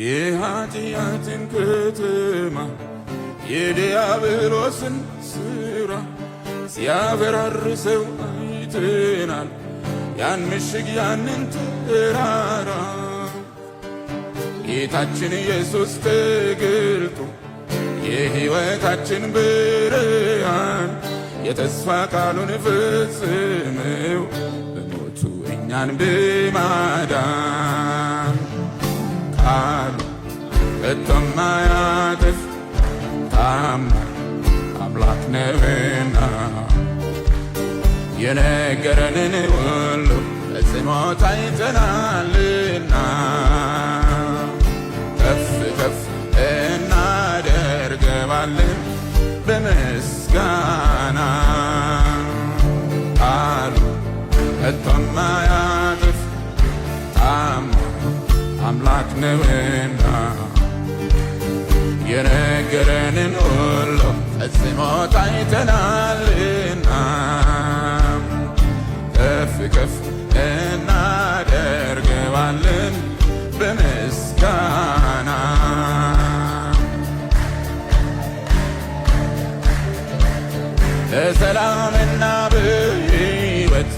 የኃጢአትን ከተማ የዲያብሎስን ሥራ ሲያፈራርሰው አይተናል። ያን ምሽግ ያንን ተራራ ጌታችን ኢየሱስ ተገልጦ የሕይወታችን ብርሃን የተስፋ ቃሉን ፈጽመው በሞቱ እኛን በማዳን አሉ ከቶ የማያጥፍ ታማኝ አምላክ ነውና የነገረንን ሁሉ ፈጽሞ ታይተናልና ከፍ ከፍ እናደርገዋለን በምስጋና ነውና የነገረንን ሁሉ ፈጽሞ ታይተናልና ከፍ ከፍ እናደርገዋለን በምስጋና ለሰላምና በህይወት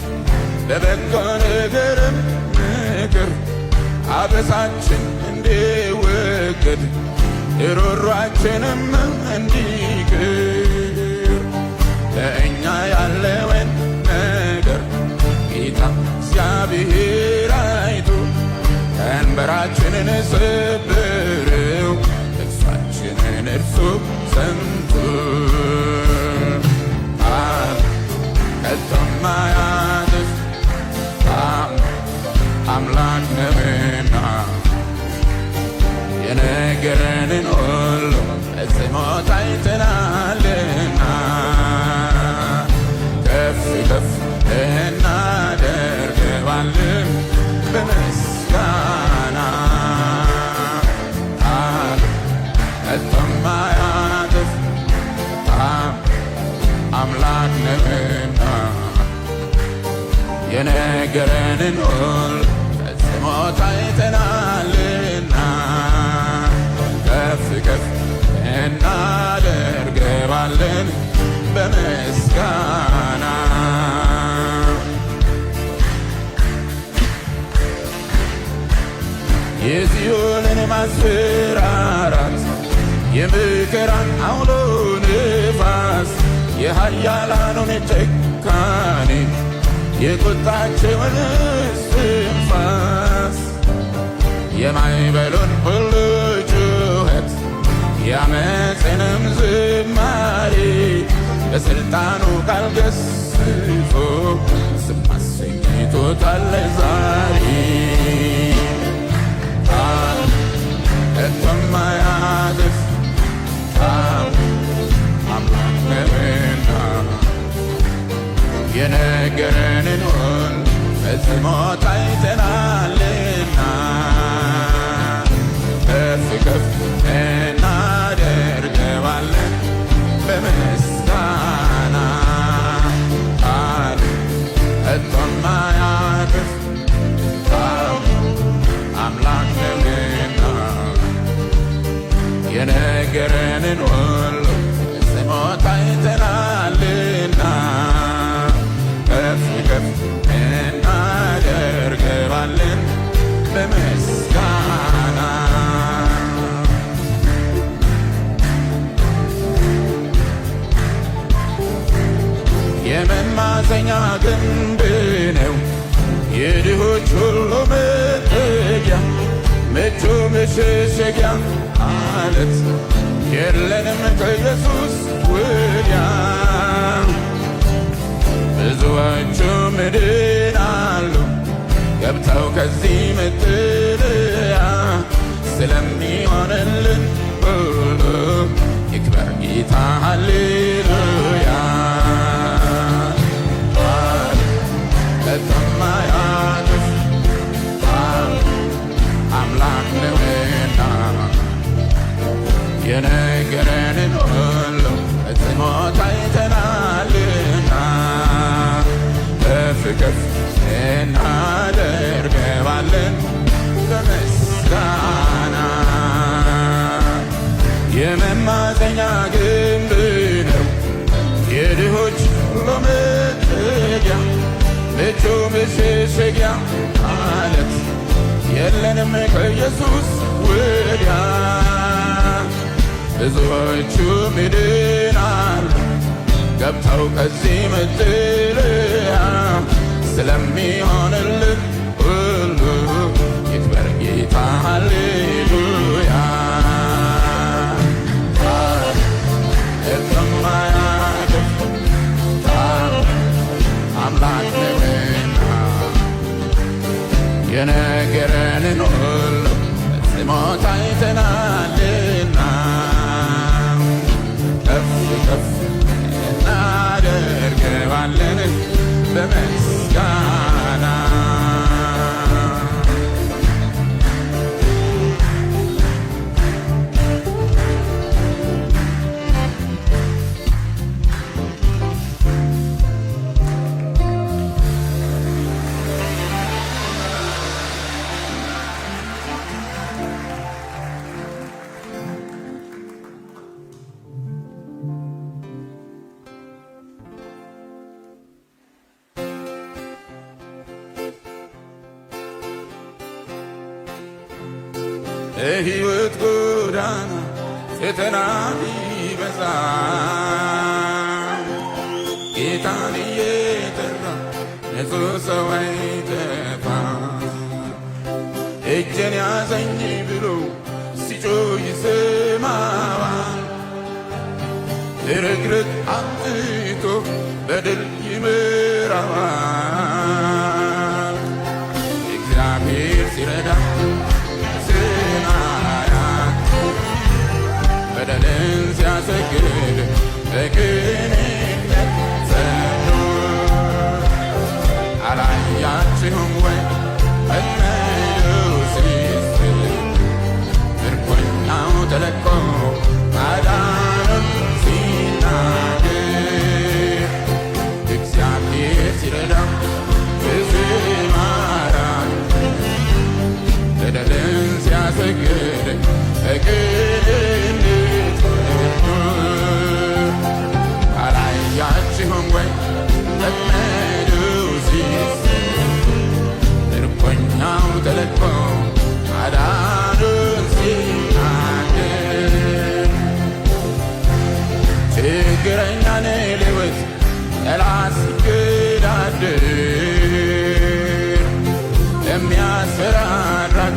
ለበጎ ነገርም ምክር አበሳች ውቅድ የሮሯችንም እንዲቅር ለእኛ ያለውን ነገር ጌታ እግዚአብሔር አይቶ ቀንበራችንን ከፍ እናደርገዋለን በምስጋና እተማያደፍ አምላክ ነህና የነገረንን ሁሉ ፈጽሞ ታይተናልና ከፍ ከፍ እናደርገዋለን በምስጋና ማስፈራራት የመከራን አውሎ ንፋስ! የኃያላኑን ጭካኔ የቁጣቸውን እስትንፋስ የማዕበሉን ሁሉ ጩኸት የአመፅንም ዝማሬ በሥልጣኑ ቃል ገስፎ ስም አሰኝቶታል። የነገረንን ሁሉ ፈጽሞ አይተናልና ከፍ ከፍ እናደርገዋለን በምስጋና ቃል እቶ የማያፍር አምላክ ነውና የነገረንን ግንብ ነው የድሆች ሁሉ መጠጊያ ምቹ መሸሸጊያ አለት የለንም ከኢየሱስ ወዲያ። ብዙዎቹ ምድን አሉ ገብተው ከዚህ መጠለያ ስለሚሆንልን ሁሉ ይክበር ጌታ ሃሌ የነገረንን ሁሉ ፈጽሞ ታይተናልና በፍቅር እናደርገዋለን በምስጋና የመማፀኛ ግንብ ነው የድሆች ሁሉ መጠጊያ ምቹ መሸሸጊያ ማለት የለንም ከኢየሱስ ወዲያ ብዙዎቹ ምድናል ገብተው ከዚህ መጠለያ ስለሚሆንልን ሁሉ ይክበር ጌታ ሃሌሉያ የነገረንን ሁሉ ፈጽሞ አይተናል የሕይወት ጎዳና ፈተና ቢበዛ ጌታን እየጠራ ንጹሕ ሰው አይጠፋ። እጄን ያዘኝ ብሎ ሲጮህ ይሰማዋል። ድርግርግ አምጥቶ በድል ይመራዋል።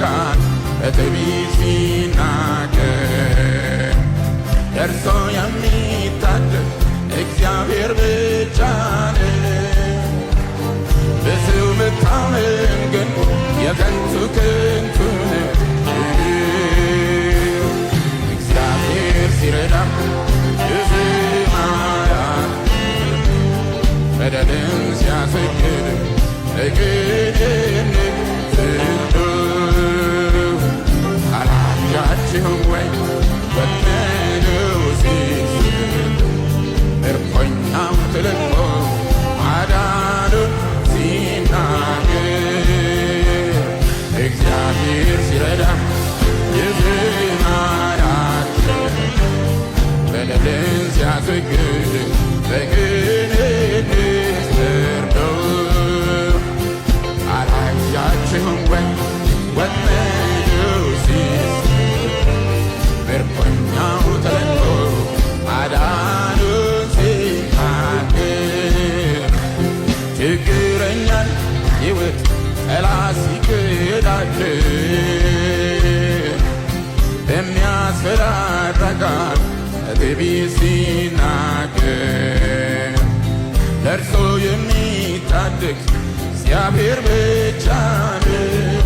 ቃል በትቢ ሲናገር ደርሶ የሚታደግ እግዚአብሔር ብቻ ነው። ብስው ምታምን ግን የከንቱ ክንቱ ነው። እግዚአብሔር ሲረዳ ብዙ ማያት በደልን ሲያስግድ እግድ your way, but ያስኬዳል የሚያስፈራራ ቃል ትዕቢት ሲናገር ለእርሱ የሚታደግ እግዚአብሔር ብቻ ነው።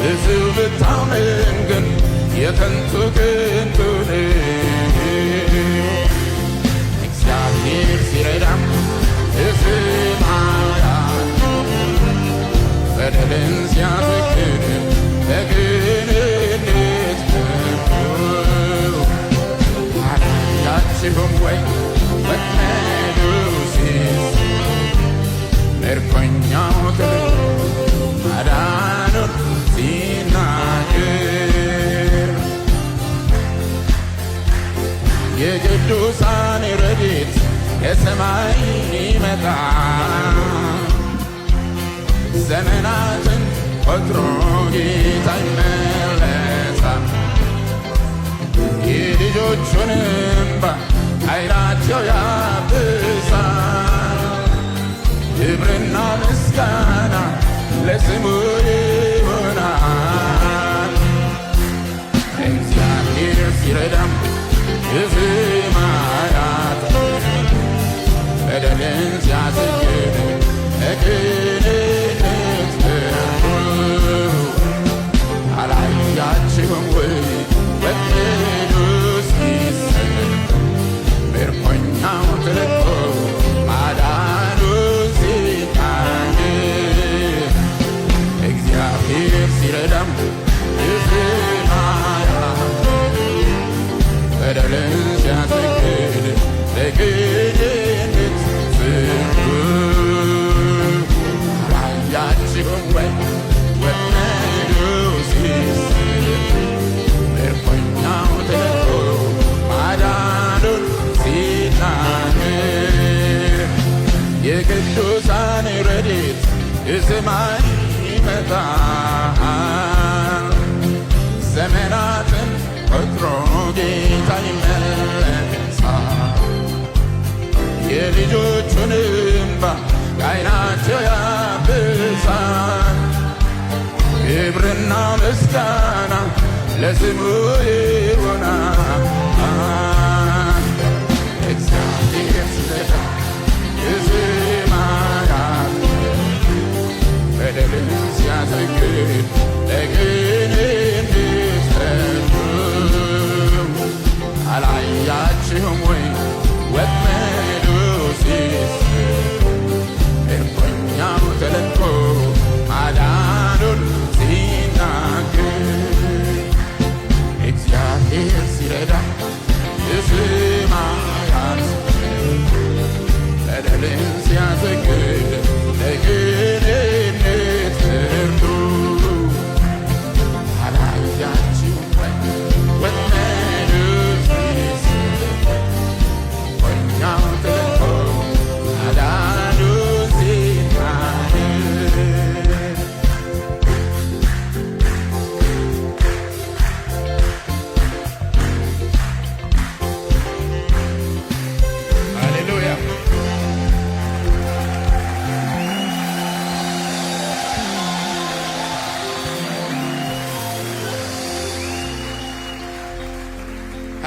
ብዙ ብታምን ግን የከንቱ ክንዱ ነው። ከሰማይ ይመጣ ዘመናትን ቆጥሮ ጌታ ይመለሳል። የልጆቹን እንባ ዓይናቸው ያብሳል። ክብርና ምስጋና ለስሙ ይሆናል። እግዚአብሔር ሲረዳም በደልን ሲያስይዝ እግር ምስጋና ለስሙ ይሆና እግዚአብሔር ስለታ ይስማራት በደልን ሲያዘግድ ለግን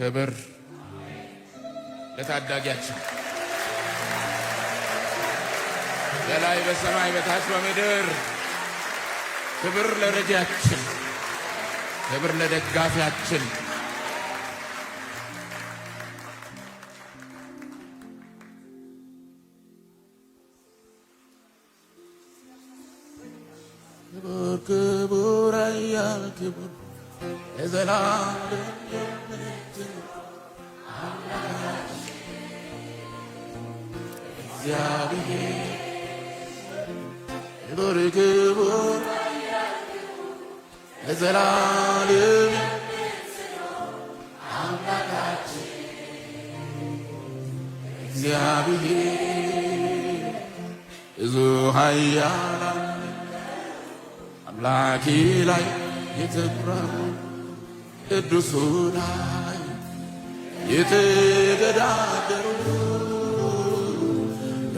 ክብር ለታዳጊያችን በላይ በሰማይ በታች በምድር ክብር ለረጃችን፣ ክብር ለደጋፊያችን። ክቡር ክቡር ኃያል ክቡር የዘላለም እግዚአብሔር ክብር ክቡር ለዘላለም እግዚአብሔር ብዙ ኃያል አምላኪ ላይ የተኩራሩ ቅዱሱ ላይ የተገዳደሩ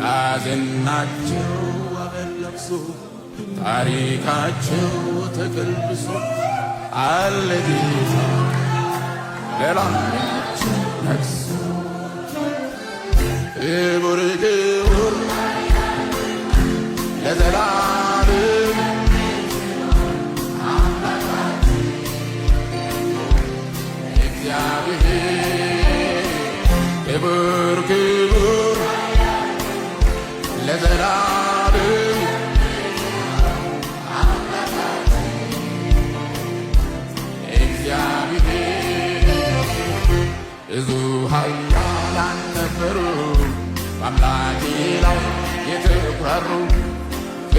ሐዘናቸው አበል ለብሶ ታሪካቸው ተቀልብሶ አለ ጌታ ነግሶ ክቡር ክቡር ለዘላ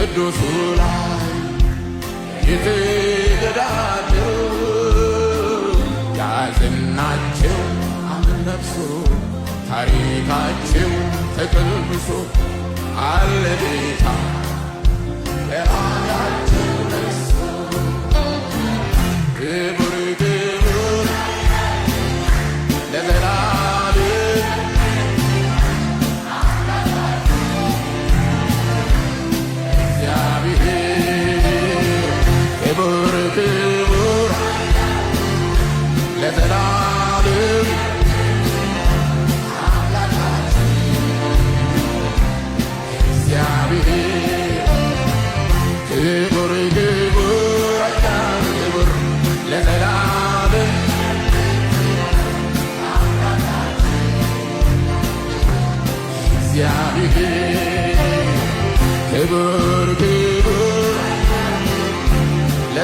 ቅዱሱ ላይ የተገዳደው ያዝናቸው አምን ነፍሶ ታሪካቸው ተቀልብሶ አለ ቤታ ለራያቸው ነሶ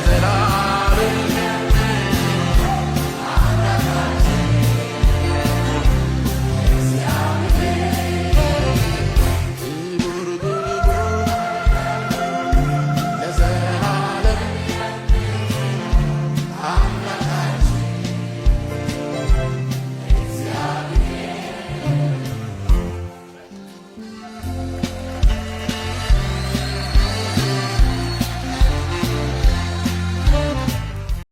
that I did